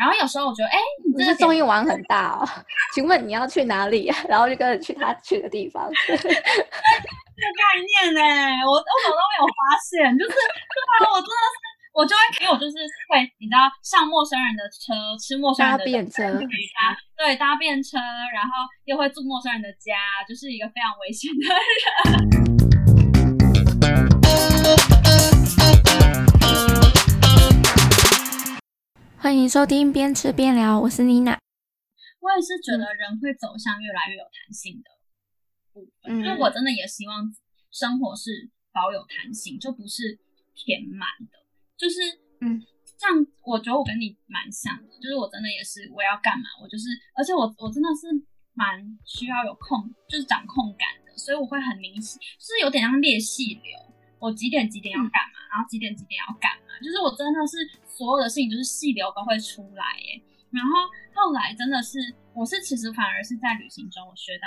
然後有時候我覺得，哎，你這是綜藝玩很大哦。 請問你要去哪裡？然後就跟着去他 去的地方。 這個概念呢、欸，我我，我都沒有發現， 就是對吧？我真的是我就會，給我就是會，你知道，上陌生人的車，吃陌生人的車，搭便車對、啊，對，搭便車，然後又會住陌生人的家，就是一個非常危險的人。 歡迎收聽邊吃邊聊，我是妮娜。我也是覺得人會走向越來越有彈性的部分，嗯、就我真的也希望生活是保有彈性，就不是填滿的。就是嗯，這樣我覺得我跟你蠻像的，就是我真的也是我要幹嘛，我就是，而且我我真的是蠻需要有控，就是掌控感的，所以我會很明顯，就是有點像列細流。我幾點幾點要幹嘛，然後幾點幾點要幹嘛，就是我真的是所有的事情，就是細流都會出來耶，然後後來真的是，我是其實反而是在旅行中，我學到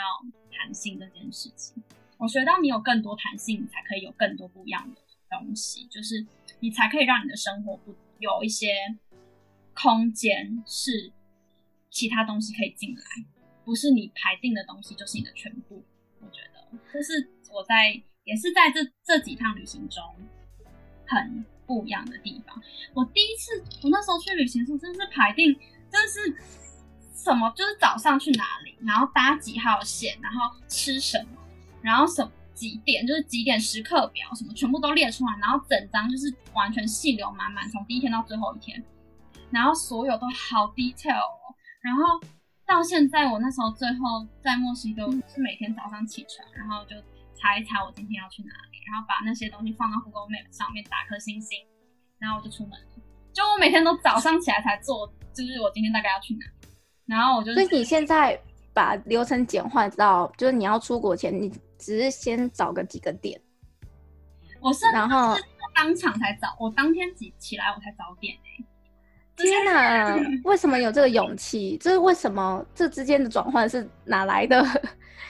彈性這件事情。我學到你有更多彈性，你才可以有更多不一樣的東西，就是你才可以讓你的生活不有一些空間，是其他東西可以進來，不是你排定的東西就是你的全部。我覺得，這是我在。也是在這這幾趟旅行中很不一樣的地方。我第一次，我那時候去旅行是真是排定，真是什麼就是，早上去哪裡，然後搭幾號線，然後吃什麼，然後什幾點就是幾點時刻表什麼，全部都列出來，然後整張就是完全細流滿滿，從第一天到最後一天，然後所有都好 detail 哦、喔。然後到現在，我那時候最後在墨西哥、嗯、是每天早上起床，然後就。猜一猜我今天要去哪裡，然後把那些東西放到 Google Map 上面打顆星星，然後我就出門。就我每天都早上起來才做，就是我今天大概要去哪，然後我就。所以你現在把流程簡化到，就是你要出國前，你只是先找個幾個點。我是然後當場才找，後我當天起起來我才找點誒、欸。天哪， 為什麼有這個勇氣？這、就是為什麼？這之間的轉換是哪來的？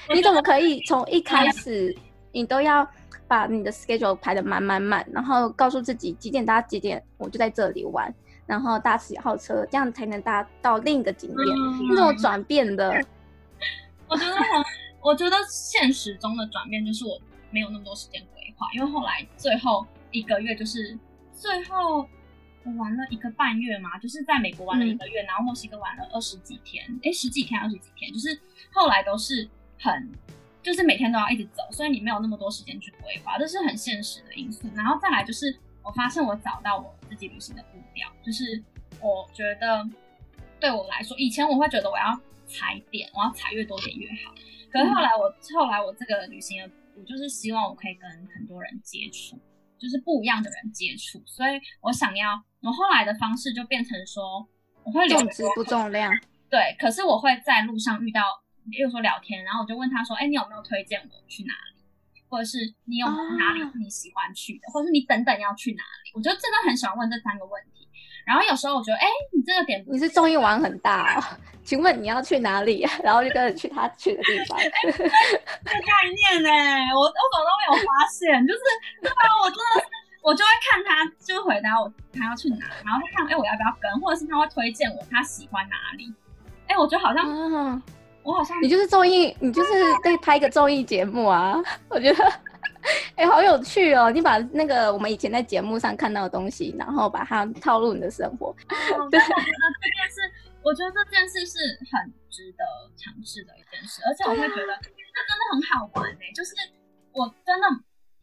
覺你怎麼可以從一開始、啊？你都要把你的 schedule 排得滿滿滿，然後告訴自己幾點搭幾點，我就在這裡玩，然後搭幾號車，這樣才能搭到另一個景點。嗯、那種轉變的，我覺得很， 我覺得現實中的轉變就是我沒有那麼多時間規劃，因為後來最後一個月就是最後我玩了一個半月嘛，就是在美國玩了一個月，嗯、然後墨西哥玩了二十幾天，哎，十幾天二十幾天，就是後來都是很。就是每天都要一直走，所以你沒有那麼多時間去規劃，這是很現實的因素。然後再來就是，我發現我找到我自己旅行的步調，就是我覺得對我來說，以前我會覺得我要踩點，我要踩越多點越好。可是後來我、嗯、後來我這個旅行的，我就是希望我可以跟很多人接觸，就是不一樣的人接觸。所以我想要我後來的方式就變成說，我會重質，不重量。對，可是我會在路上遇到。又說聊天，然後我就問他說：“哎、欸，你有沒有推薦我去哪裡？或者是你有哪裡是你喜歡去的？啊、或者是你等等要去哪裡？”我就真的很喜歡問這三個問題。然後有時候我覺得：“哎、欸，你這個點你是綜藝玩很大啊、喔？請問你要去哪裡？”然後就跟着去他去的地方。哎、 欸，這、欸欸、概念呢、欸，我我搞都沒有發現，就是對啊，我真的是我就會看他，就回答我他要去哪裡，然後他看哎、欸、我要不要跟，或者是他會推薦我他喜歡哪裡？哎、欸，我覺得好像。啊我好像你就是綜藝，對對對對，你就是可以拍個綜藝節目啊！我覺得，哎，好有趣哦！你把那個我們以前在節目上看到的東西，然後把它套入你的生活。嗯、對，那這件事，我覺得這件事是很值得嘗試的一件事，而且我會覺得這、嗯、真的很好玩哎、欸、就是我真的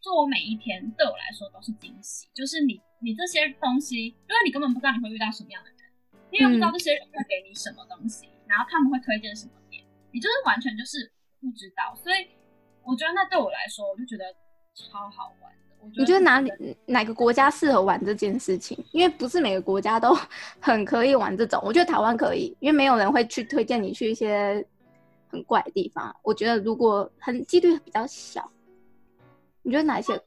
做，我每一天，對我來說都是驚喜。就是你，你這些東西，因為你根本不知道你會遇到什麼樣的人，嗯、因為不知道這些人會給你什麼東西，然後他們會推薦什麼。你就是完全就是不知道，所以我覺得那對我來說，我就覺得超好玩的。我覺得哪裡哪個國家適合玩這件事情，因為不是每個國家都很可以玩這種。我覺得台灣可以，因為沒有人會去推薦你去一些很怪的地方。我覺得如果很幾率很比較小，你覺得哪些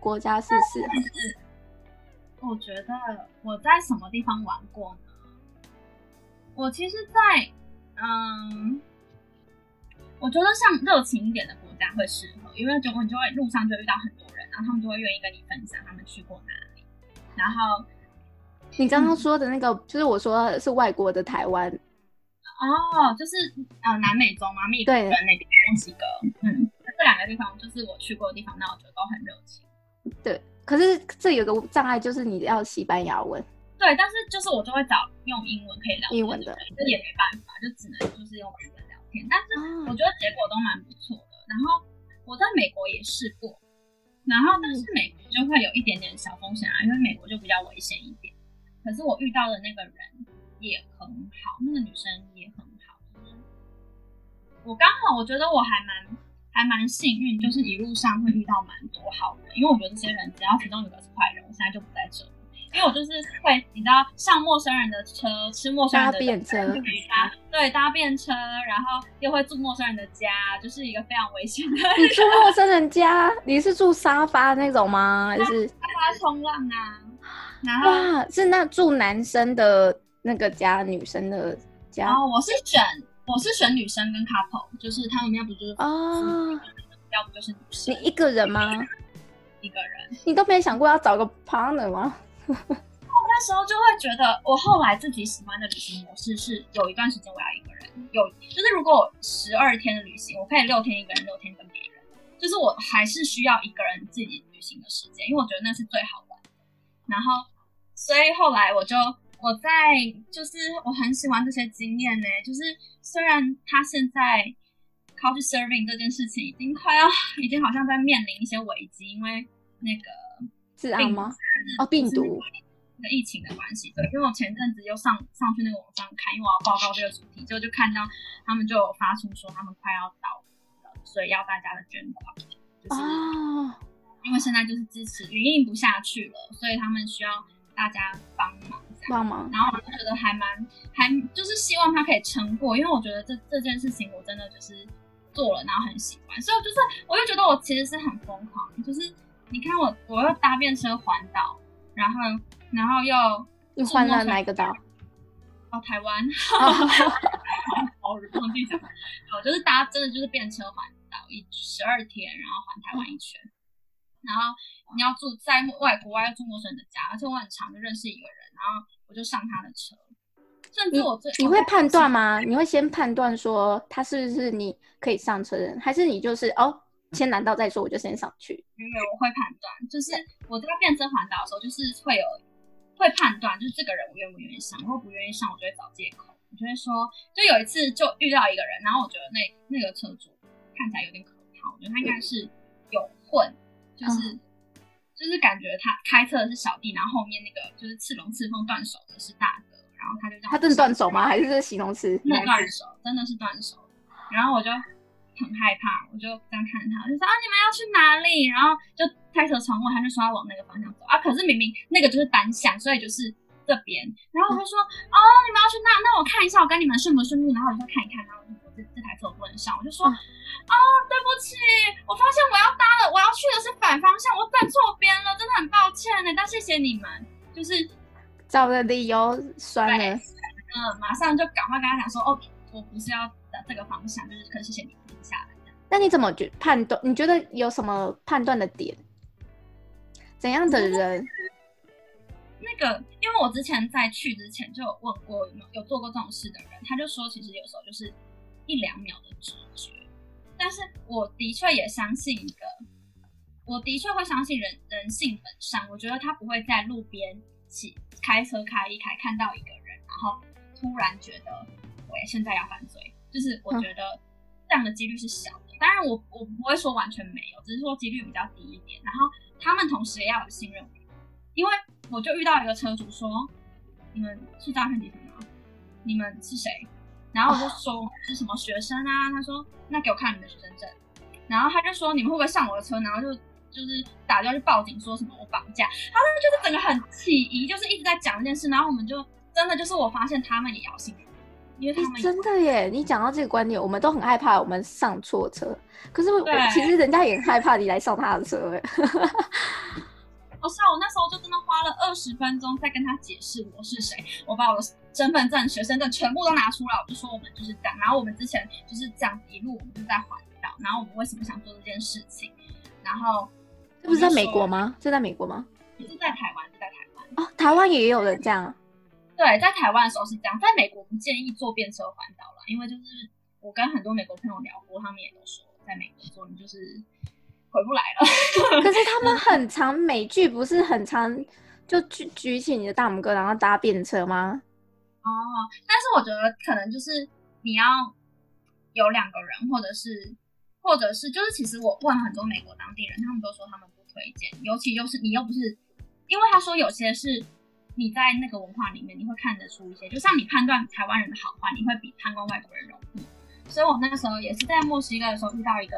國家是適合？我覺得我在什麼地方玩過呢？我其實在，在嗯。我覺得像熱情一點的國家會適合，因為就你就會路上就會遇到很多人，然後他們就會願意跟你分享他們去過哪裡。然後你剛剛說的那個，嗯、就是我說的是外國的台灣，哦，就是呃南美洲嗎？秘魯那邊，墨西哥，嗯，這兩個地方就是我去過的地方，那我覺得都很熱情。對，可是這有個障礙就是你要西班牙文。對，但是就是我就會找用英文可以聊英文的，這也沒辦法，就只能就是用英文。但是我覺得結果都蠻不錯的。然後我在美國也試過，然後但是美國就會有一點點小風險啊，因為美國就比較危險一點。可是我遇到的那個人也很好，那個女生也很好。我剛好我覺得我還蠻還蠻幸運，就是一路上會遇到蠻多好人。因為我覺得這些人只要其中有一個是壞人，我現在就不在這。因為我就是會，你知道上陌生人的車，吃陌生人的車搭便車。啊，對搭便車，然後又會住陌生人的家，就是一個非常危險的。你住陌生人家， 你是住沙發那種嗎？就是沙發衝浪啊，然後哇，是那住男生的那個家，女生的家。哦，我是選我是選女生跟 couple，就是他們要不就是。哦、啊嗯，要不就是女生。你一個人嗎？一個人，你都沒想過要找個 partner 嗎？ 我那時候就會覺得，我後來自己喜歡的旅行模式是，有一段時間我要一個人，有就是如果我十二天的旅行，我可以六天一個人，六天跟別人，就是我還是需要一個人自己旅行的時間，因為我覺得那是最好玩的。然後，所以後來我就我在就是我很喜歡這些經驗呢、欸，就是雖然他現在 Couch Surfing 這件事情已經快要已經好像在面臨一些危機，因為那個。病毒哦、啊是啊，病毒的疫情的關係，對，因為我前陣子又上上去那個網上看，因為我要報告這個主題，就就看到他們就有發出說他們快要倒閉了，所以要大家的捐款，就是哦、因為現在就是支持運營不下去了，所以他們需要大家幫忙。幫忙，嗎然後我就覺得還蠻還就是希望他可以撐過，因為我覺得這這件事情我真的就是做了，然後很喜歡，所以我就是我就覺得我其實是很瘋狂，就是。你看我，我要搭便車環島，然後，然後又又環了哪一個島？哦，台灣。 oh. 好，好 我就是搭真的就是便車環島一十二天，然後環台灣一圈。然後你要住在外國外要住陌生人的家，而且我很常就認識一個人，然後我就上他的車。甚至我最你會 Okay, 判斷嗎？現你會先判斷說他是不是你可以上車的人，還是你就是哦？Oh. 先難到再說，我就先上去。沒有，我會判斷，就是我在便車環島的時候，就是會有會判斷，就是這個人我願不願意上，如果不願意上，我就會找借口，我就會說，就有一次就遇到一個人，然後我覺得那那個車主看起來有點可怕，我覺得他應該是有混，嗯、就是就是感覺他開車的是小弟，然後後面那個就是刺龍刺鳳斷手的是大哥，然後他就這樣。他這是斷手嗎？還是形容詞？那斷手，真的是斷手。然後我就。很害怕，我就這樣看着他，我就說啊，你們要去哪裡？然後就開車窗我他就說要往那個方向走啊。可是明明那個就是單向，所以就是這邊。然後他說、嗯、哦，你們要去那，那我看一下，我跟你們順不順路，然後我就看一看，然後我就我這，我這台車我不能上。我就說、嗯、哦，對不起，我發現我要搭了，我要去的是反方向，我站錯邊了，真的很抱歉呢。但謝謝你們，就是找的理由，算了，嗯，馬上就趕快跟他講說哦。我不是要的這個方向，就是可是先停下來的。那你怎麼覺判斷？你覺得有什麼判斷的點？怎樣的人？嗯，那個，因為我之前在去之前就有問過有沒有，有做過這種事的人，他就說，其實有時候就是一兩秒的直覺。但是我的確也相信一個，我的確會相信人人性本善。我覺得他不會在路邊起開車開一開，看到一個人，然後突然覺得。我現在要犯罪，就是我覺得這樣的幾率是小的，當然我我不會說完全沒有，只是說幾率比較低一點。然後他們同時也要有信任，因為我就遇到一個車主說：“你們是詐騙集團嗎？你們是誰？”然後我就說：“啊、是什麼學生啊？”他說：“那給我看你們的學生證。”然後他就說：“你們會不會上我的車？”然後就就是打電話去報警，說什麼我綁架，他們就是整個很起疑，就是一直在講這件事。然後我們就真的就是我發現他們也要信任。因為他欸、真的耶！嗯、你講到這個觀點，我們都很害怕我們上錯車。可是我對我其實人家也很害怕你來上他的車。我操、 哦啊！我那時候就真的花了二十分鐘在跟他解釋我是誰，我把我的身份證、學生證全部都拿出來了，我就說我們就是這樣。然後我們之前就是這樣一路我們就在環島，然後我們為什麼想做這件事情。然後這不是在美國嗎？是在美國嗎？不是在台灣，是在台灣。哦，台灣也有人這樣。對，在台灣的時候是這樣，在美國不建議坐便車環島了，因為就是我跟很多美國朋友聊過，他們也都說，在美國的時候你就是回不來了。 可是他們很常美劇不是很常就舉、嗯、舉起你的大拇哥然後搭便車嗎？哦，但是我覺得可能就是你要有兩個人，或者是或者是就是其實我問很多美國當地人，他們都說他們不推薦，尤其就是你又不是，因為他說有些是。你在那個文化裡面，你會看得出一些，就像你判斷台灣人的好壞，你會比判斷外國人容易。所以我那個時候也是在墨西哥的時候遇到一個，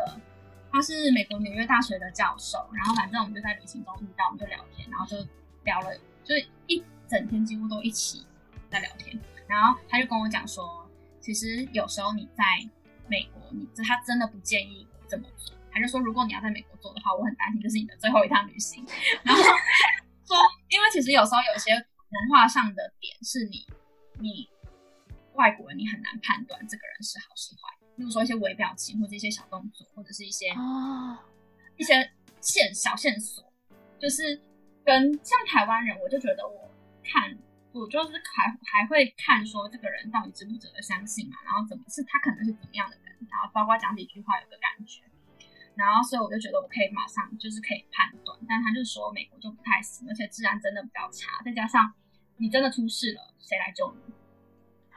他是美國紐約大學的教授，然後反正我們就在旅行中遇到，我們就聊天，然後就聊了，就是一整天幾乎都一起在聊天。然後他就跟我講說，其實有時候你在美國，你他真的不建議我這麼做。他就說，如果你要在美國做的話，我很擔心這是你的最後一趟旅行。然後。 說，因為其實有時候有些文化上的點是你，你外國人你很難判斷這個人是好是壞，比如說一些微表情或者一些小動作，或者是一些、哦、一些線小線索，就是跟像台灣人，我就覺得我看我就是還還會看說這個人到底值不值得相信嘛、啊，然後怎麼是他可能是怎麼樣的人，然後包括講幾句話有個感覺。然後，所以我就覺得我可以馬上就是可以判斷，但他就說美國就不太行，而且治安真的比較差，再加上你真的出事了，誰來救你？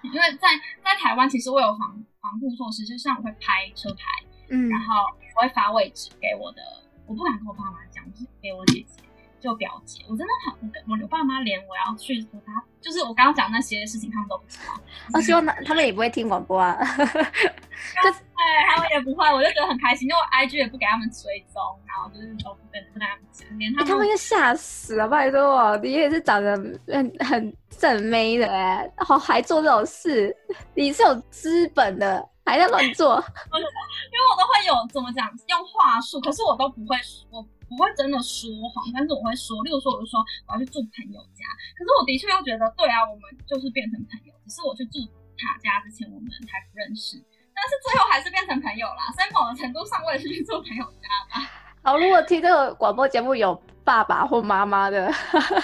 因為在在台灣，其實我有防防護措施，就像我會拍車牌，嗯，然後我會發位置給我的，我不敢跟我爸媽講，是給我姐姐。就表姐，我真的很我我我爸媽連我要去和他，就是我剛剛講那些事情，他們都不知道。我、哦、希望他們也不會聽廣播啊。對才就、欸，他們也不會，我就覺得很開心，因為我 IG 也不給他們追蹤，然後就是都不跟他們講，他們就嚇、欸、死了。不好意思哦，你也是長得很很正妹的然後、欸、好還做這種事，你是有資本的，還在亂做。因為我都會有怎麼講，用話術，可是我都不會說。不會真的說謊，但是我會說，例如說，我就說我要去住朋友家，可是我的確又覺得，對啊，我們就是變成朋友，只是我去住他家之前，我們還不認識，但是最後還是變成朋友啦。所以某種程度上，我也是去住朋友家吧？好，如果聽這個廣播節目有爸爸或媽媽的呵呵，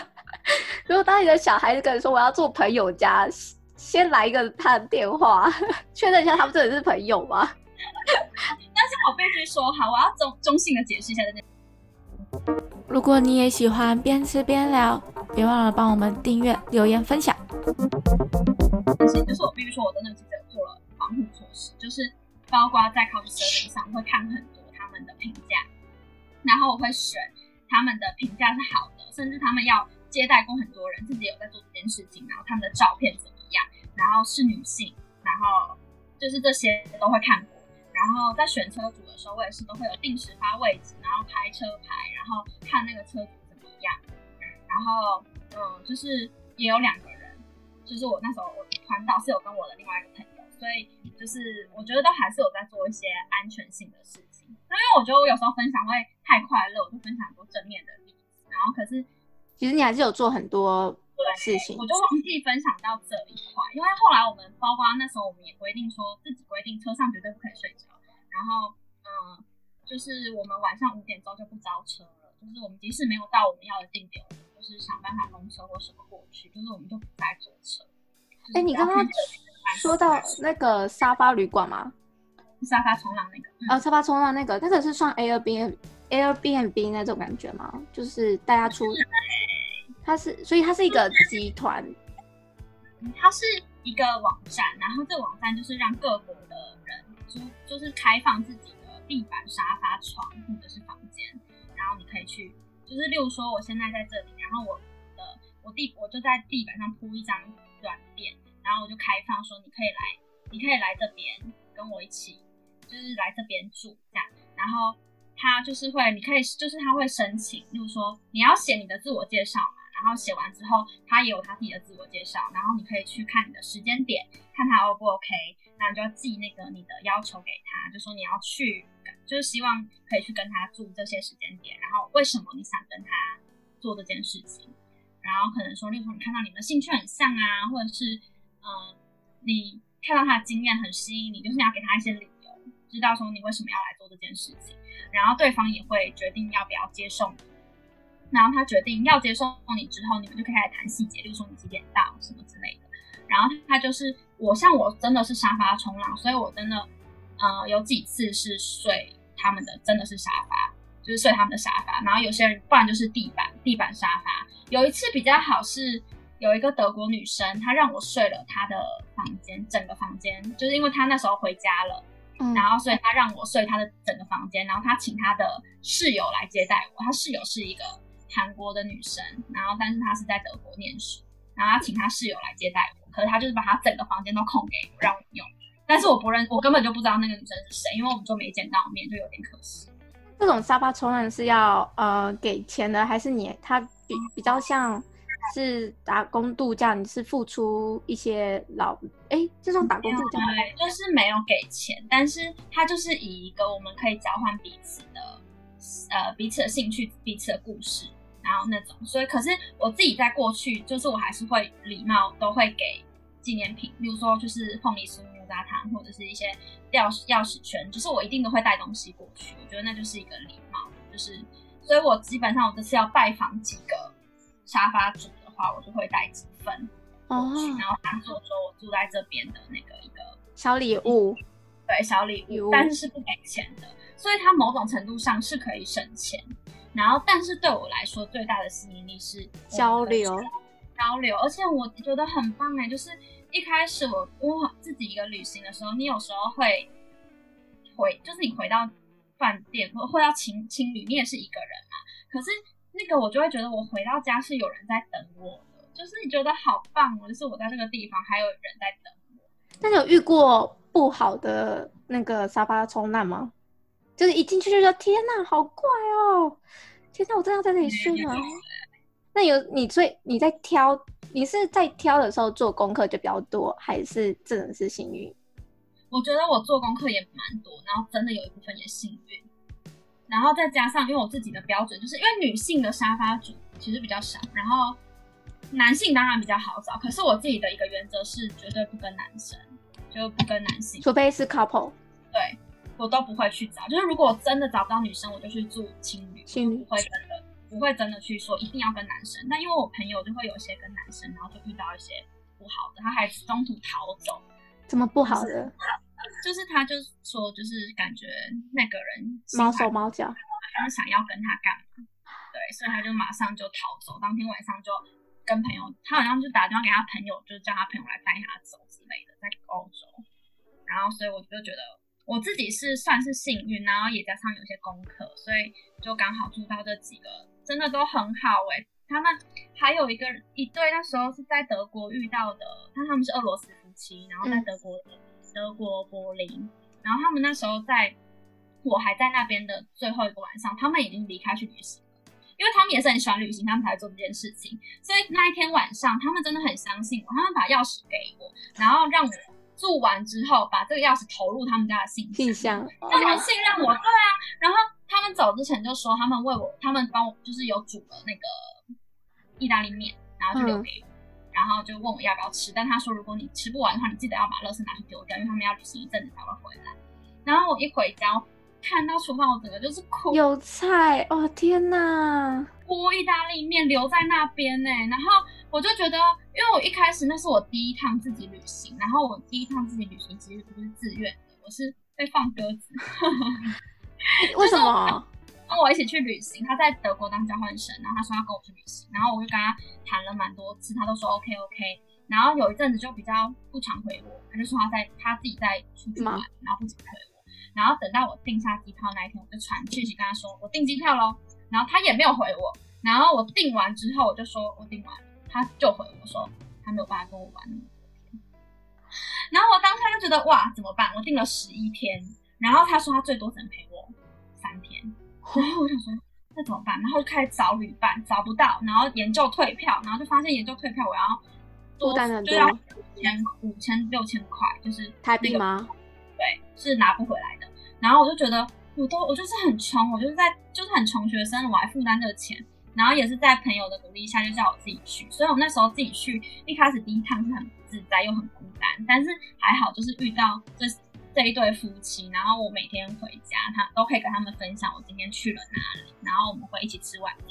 如果當你的小孩子跟你說我要住朋友家，先來一個他的電話，確認一下他們真的是朋友嗎？但是我必須說，好，我要中中性的解釋一下在這件事。如果你也喜歡邊吃邊聊，別忘了幫我們訂閱、留言、分享。但是，就是我，比如說，我真的記得做了防護措施，就是包括在 Couchsurfing 上，會看很多他們的評價，然後我會選他們的評價是好的，甚至他們要接待過很多人，自己有在做這件事情，然後他們的照片怎麼樣，然後是女性，然後就是這些都會看。然後在選車主的時候，我也是都會有定時發位置，然後拍車牌，然後看那個車主怎麼樣。然後，嗯，就是也有兩個人，就是我那時候我的團導是有跟我的另外一個朋友，所以就是我覺得都還是有在做一些安全性的事情。因為我覺得我有時候分享會太快樂，我就分享很多正面的例子。然後可是，其實你還是有做很多。事情，對我就忘記分享到這一塊，因為後來我們，包括那時候我們也規定說，自己規定車上絕對不可以睡着。然後，嗯，就是我們晚上五點鐘就不招車了，就是我們即使沒有到我們要的定點，就是想辦法弄車或什麼過去，就是我們就不該坐車。哎、就是欸，你剛剛說到那個沙發旅館嗎？沙發衝浪那個？呃、嗯，沙發衝浪那個，那個是算 Airbnb Airbnb 那種感覺嗎？就是大家出。它是，所以它是一個集團。它是一個網站，然後這個網站就是讓各國的人租，就是開放自己的地板、沙發、床或者是房間，然後你可以去，就是例如說我現在在這裡，然後我的我地，我就在地板上鋪一張軟墊，然後我就開放說你可以來，你可以來這邊跟我一起，就是來這邊住這樣，然後他就是會，你可以就是他會申請，就是說你要寫你的自我介紹嘛。然後寫完之後，他也有他自己的自我介紹，然後你可以去看你的時間點，看他 O 不 OK，那你就要寄那個你的要求給他，就說你要去，就是希望可以去跟他住這些時間點，然後為什麼你想跟他做這件事情，然後可能說，例如說你看到你們興趣很像啊，或者是嗯、呃，你看到他的經驗很吸引你，就是你要給他一些理由，知道說你為什麼要來做這件事情，然後對方也會決定要不要接受你。然後他決定要接受你之後，你們就可以開始談細節，就是說你幾點到什麼之類的。然後他就是我像我真的是沙發衝浪，所以我真的，呃，有幾次是睡他們的，真的是沙發，就是睡他們的沙發。然後有些人不然就是地板，地板沙發。有一次比較好是有一個德國女生，她讓我睡了她的房間，整個房間，就是因為她那時候回家了，然後所以她讓我睡她的整個房間。然後她請她的室友來接待我，她室友是一個。韓國的女生，然後但是她是在德國念書，然後她請她室友來接待我，可是她就是把她整個房間都空給我，讓我用。但是我不認，我根本就不知道那個女生是誰，因為我們就沒見到面，就有點可惜。這種沙发衝浪是要呃給錢的，還是你他比，比較像是打工度假，你是付出一些勞，哎、欸、這種打工度假的？對啊、對，就是沒有給錢，但是它就是以一個我們可以交換彼此的呃彼此的興趣，彼此的故事。然後那種，所以可是我自己在過去，就是我還是會禮貌，都會給紀念品，比如說就是鳳梨酥、牛軋糖，或者是一些鑰匙鑰匙圈，就是我一定都會帶東西過去。我覺得那就是一個禮貌，就是所以，我基本上我這次要拜訪幾個沙發主的話，我就會帶幾份過去，哦、然後當做說我住在這邊的那個一個小禮物，對小禮物，物但是是不給錢的，所以它某種程度上是可以省錢。然後，但是對我來說最大的吸引力是交流，交流。而且我覺得很棒哎、欸，就是一開始我我自己一個旅行的時候，你有時候會回，就是你回到飯店或回到青青旅，你也是一個人嘛。可是那個我就會覺得我回到家是有人在等我的，就是你覺得好棒哦，就是我在這個地方還有人在等我。那你有遇過不好的那個沙發衝浪嗎？就是一進去就說：“天哪，好怪哦、喔！天哪，我真的要在那裡睡嗎？”對對對對。那有你最你在挑，你是在挑的時候做功課就比較多，還是真的是幸運？我覺得我做功課也蠻多，然後真的有一部分也幸運。然後再加上因為我自己的標準，就是因為女性的沙發主其實比較少，然後男性當然比較好找。可是我自己的一個原則是，絕對不跟男生，就不跟男性，除非是 couple。對。我都不會去找，就是如果我真的找不到女生，我就去住青旅，青旅 不會真的，是不會真的去說一定要跟男生。但因為我朋友就會有些跟男生，然後就遇到一些不好的，他還中途逃走。怎麼不好的？就是、就是他就是說，就是感覺那個人毛手毛腳，就想要跟他幹嘛？對，所以他就馬上就逃走，當天晚上就跟朋友，他好像就打電話給他朋友，就叫他朋友來帶他走之類的，在歐洲。然後所以我就覺得。我自己是算是幸運，然後也加上有些功課，所以就剛好住到這幾個，真的都很好哎、欸。他們還有一個一對，那時候是在德國遇到的。那他們是俄羅斯夫妻，然後在德國、嗯、德國柏林，然後他們那時候在，我還在那邊的最後一個晚上，他們已經離開去旅行了，因為他們也是很喜歡旅行，他們才做這件事情。所以那一天晚上，他們真的很相信我，他們把鑰匙給我，然後讓我。住完之後，把這個鑰匙投入他們家的信箱，讓他們信任我，對啊。然後他們走之前就說，他們為我，他們幫我就是有煮了那個意大利麵，然後就留給我，然後就問我要不要吃，但他說如果你吃不完的話，你記得要把垃圾拿去丟掉，因為他們要旅行一陣子才會回來。然後我一回家。看到廚房，我整個就是哭。有菜哦，天吶。鍋意大利麵留在那邊呢。然後我就覺得，因為我一開始那是我第一趟自己旅行，然後我第一趟自己旅行其實不是自願的，我是被放鴿子。為什麼？跟我一起去旅行，他在德國當交換生，然後他說要跟我去旅行，然後我就跟他談了蠻多次，他都說 OK OK。然後有一陣子就比較不常回我，他就說他在他自己在出去玩，麼然後不怎麼回我。然後等到我訂下機票那一天，我就傳訊息跟他說，我訂機票咯。然後他也沒有回我。然後我訂完之後，我就說我訂完，他就回我，我說他沒有辦法跟我玩那麼久。然後我當下就覺得哇，怎麼辦？我訂了十一天，然後他說他最多只能陪我三天。然後我想說那怎麼辦？然後開始找旅伴，找不到，然後研究退票，然後就發現研究退票，我要，多，就要多，五千五千六千塊，就是那個，台幣嗎？對，是拿不回來的。然後我就覺得，我都我就是很窮，我就是在就是很窮學生，我還負擔這個錢。然後也是在朋友的鼓勵下，就叫我自己去。所以我那時候自己去，一開始第一趟是很自在，又很孤單。但是還好，就是遇到這這一對夫妻。然後我每天回家，他都可以跟他們分享我今天去了哪裡。然後我們會一起吃晚餐，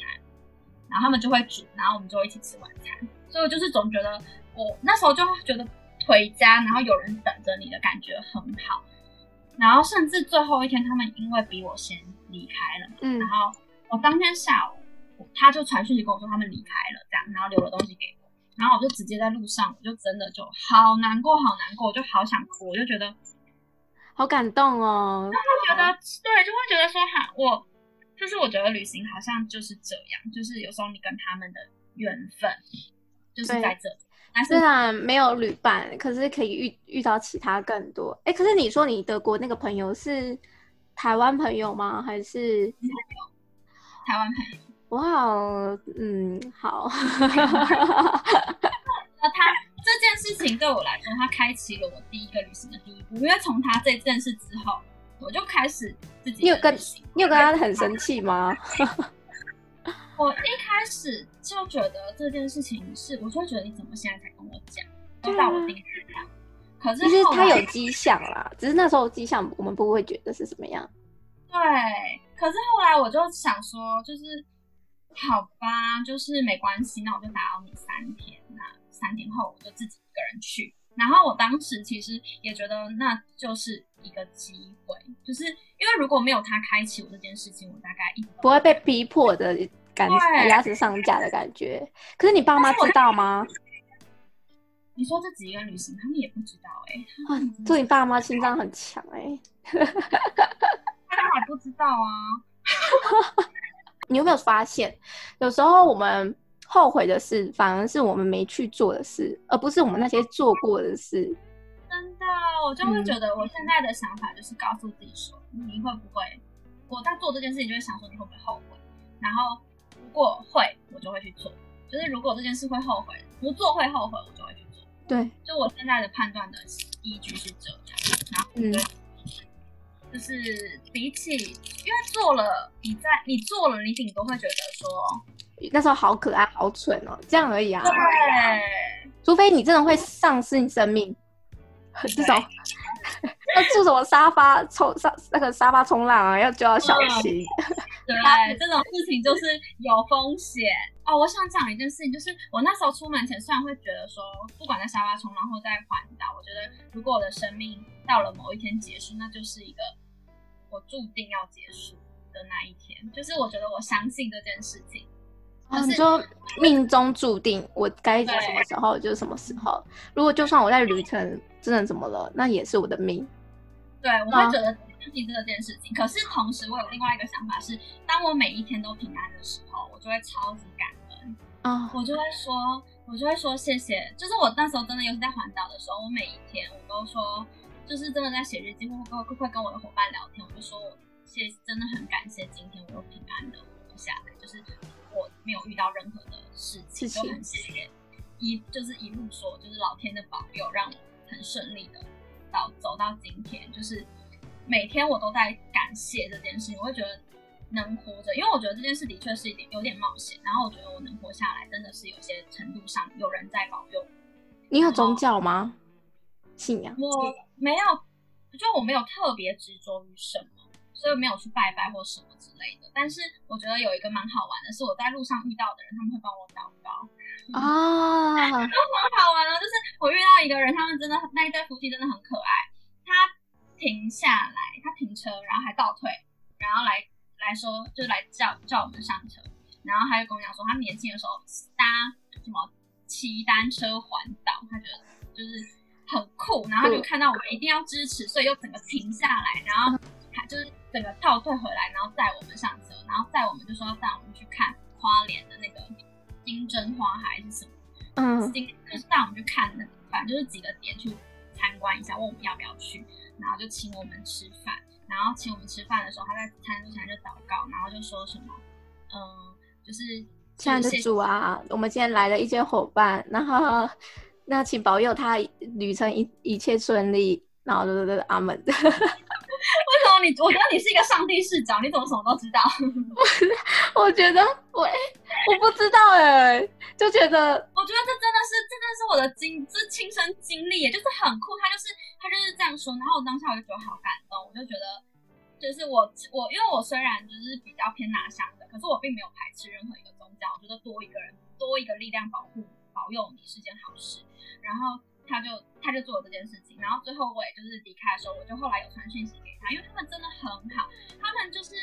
然後他們就會煮，然後我們就會一起吃晚餐。所以我就是總覺得我，我那時候就覺得。回家，然後有人等着你的感覺很好。然後甚至最後一天，他們因為比我先離開了嘛，嗯、然後我當天下午他就傳訊息跟我說他們離開了，這樣，然後留了東西給我，然後我就直接在路上，我就真的就好難過，好難過，我就好想哭，我就覺得好感動哦。就會覺得對，就會覺得說，好、啊，我就是我覺得旅行好像就是這樣，就是有時候你跟他們的緣分。就是在這裡，雖然對是、啊、沒有旅伴，可是可以遇遇到其他更多。哎、欸，可是你說你德國那個朋友是台灣朋友嗎？還是台灣朋友？我好、wow, 嗯，好。那 、啊、他這件事情對我來說，他開啟了我第一個旅行的第一步。因為從他這件事之後，我就開始自己旅行。你有跟你有、嗯、跟他很生氣嗎？嗯 我一開始就覺得這件事情是，我就覺得你怎麼現在才跟我講，就、啊、到我第一次這樣。可是,就是他有跡象啦，只是那時候迹象我們不會覺得是什麼樣。對，可是後來我就想說，就是好吧，就是沒關係，那我就打擾你三天，那三天後我就自己一個人去。然後我當時其實也覺得那就是一個機會，就是因為如果沒有他開啟我這件事情，我大概也不會被逼迫的。牙齒對上架的感覺，可是你爸媽知道嗎？你說這幾個女旅行，他們也不知道哎、欸。就、啊、你爸媽心臟很強哎、欸。 他還不知道啊。 你有沒有發現，有時候我們後悔的事，反而是我們沒去做的事，而不是我們那些做過的事。真的，我就會覺得我現在的想法就是告訴自己說，嗯、你會不會？我在做這件事情就會想說，你會不會後悔？然後。如果會我就會去做，就是如果這件事會後悔，不做會後悔，我就會去做。對，就我現在的判斷的依據是這樣。然後，嗯，就是比起因為做了，你在你做了，你頂多會覺得說那時候好可愛、好蠢哦，這樣而已啊。對，除非你真的會喪失你生命，至少。對 要坐 什麼沙發衝沙那個沙發衝浪啊？要就要小心。對， 這種事情就是有風險 哦。我想講一件事情，就是我那時候出門前，雖然會覺得說，不管在沙發衝浪，或在環島，我覺得如果我的生命到了某一天結束，那就是一個我注定要結束的那一天。就是我覺得我相信這件事情，就是、啊、你說命中注定，我該什麼時候就是什麼時候。對如果就算我在旅程真的怎麼了，那也是我的命。對，我會覺得自己這件事情。Oh. 可是同時，我有另外一個想法是，當我每一天都平安的時候，我就會超級感恩。Oh. 我就會說，我就會說謝謝。就是我那時候真的，尤其在環島的時候，我每一天我都說，就是真的在寫日記，會會會跟我的伙伴聊天，我就說謝，謝，真的很感謝今天我有平安的活下來，就是我沒有遇到任何的事情，就很謝謝一就是一路說，就是老天的保佑，讓我很順利的。走到今天，就是每天我都在感謝這件事。我會覺得能活着，因為我覺得這件事的確是一點有點冒險。然後我覺得我能活下來，真的是有些程度上有人在保佑。你有宗教嗎？信仰。我沒有，就我沒有特別執着於什麼。所以沒有去拜拜或什麼之類的，但是我覺得有一個蠻好玩的，是我在路上遇到的人，他們會幫我禱告，嗯 oh. 啊，都很好玩哦，就是我遇到一個人，他們真的那一對夫妻真的很可愛。他停下來，他停車，然後還倒退，然後來來說，就來叫叫我們上車。然後他就跟我講說，他年輕的時候搭什麼騎單車環島，他覺得就是很酷。然後就看到我一定要支持，oh. 所以就整個停下來，然後就是整個倒退回來，然後帶我們上車，然後帶我們就說帶我們去看花蓮的那個金針花海是什麼，嗯，金就是帶我們去看那個，反正就是幾個點去參觀一下，問我們要不要去，然後就請我們吃飯，然後請我們吃飯的時候，他在餐桌前就禱告，然後就說什麼，嗯，就是親愛的主啊，我們今天來了一些夥伴，然後那請保佑他旅程一一切順利，然後就就阿門。 我你我覺得你是一個上帝視角，你怎麼什麼都知道？ 我覺得，對，我不知道哎、欸，就覺得，我覺得這真的是，這真的是我的經，這親身經歷，也就是很酷。他就是他就是這樣說，然後我當下我就覺得好感動，我就覺得，就是我我因為我雖然就是比較偏拿香的，可是我並沒有排斥任何一個宗教，我覺得多一個人，多一個力量保護保佑你是件好事。然後。他就他就做了這件事情，然後最後我也就是離開的時候，我就後來有傳訊息給他，因為他們真的很好，他們就是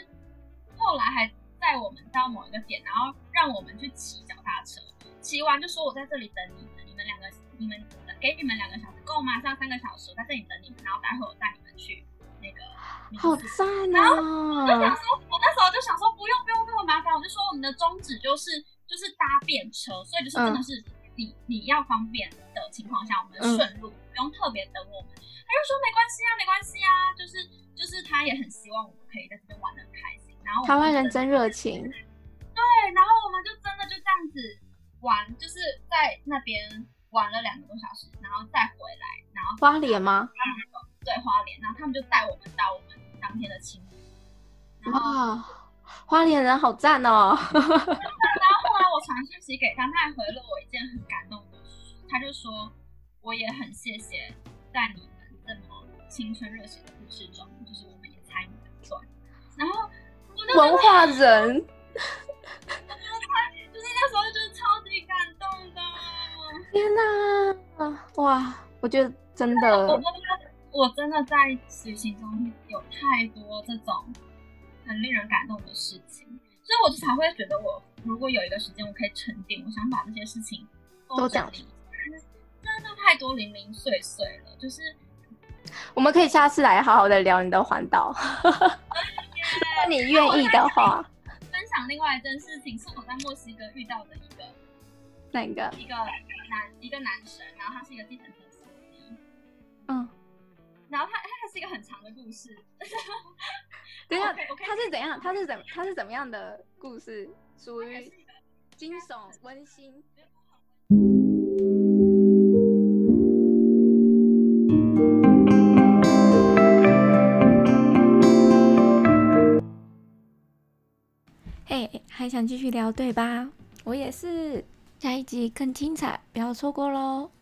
後來還載我們到某一個點，然後讓我們去騎腳踏車，騎完就說我在這裡等你們，你們兩個你們給你們兩個小時夠嗎？上三個小時我在這裡等你們，然後待會兒我帶你們去那個好讚啊！我就想說，我那時候就想說不用不用那麼麻煩，我就說我們的宗旨就是就是搭便車，所以就是真的是。嗯你你要方便的情況下，我們順路，嗯、不用特別等我們，他就說沒關係啊，沒關係啊，就是就是他也很希望我們可以在這邊玩的很開心。然後們台灣人真熱情，對，然後我們就真的就這樣子玩，就是在那邊玩了兩個多小時，然後再回來，然後花蓮嗎？對，花蓮。然後他們就帶我們到我們當天的青旅，啊花蓮人好讚哦、喔。 我傳訊息給他，他還回了我一件很感動的事，他就說我也很謝謝在你們這麼青春熱血的故事中，就是我們也參與感。然後我文化人，我覺得太就是那時候就是超級感動的。天哪、啊，哇！我覺得真的，我,我真的在學習中有太多這種很令人感動的事情。所以我就才會覺得，我如果有一個時間，我可以沉澱，我想把那些事情都講。都真的太多零零碎碎了，就是我們可以下次來好好的聊你的環島， yeah, 如果你願意的話。啊、分享另外一件事情，是我在墨西哥遇到的一個，那個？一個男，一個男生，然後他是一個底層的司機，嗯，然後他他是一個很長的故事。 等一下，他 Okay, okay. 是怎樣？他是怎樣？他是怎麼樣的故事？屬於驚悚、溫馨？Okay, okay. 嘿，還想繼續聊對吧？我也是，下一集更精彩，不要錯過嘍！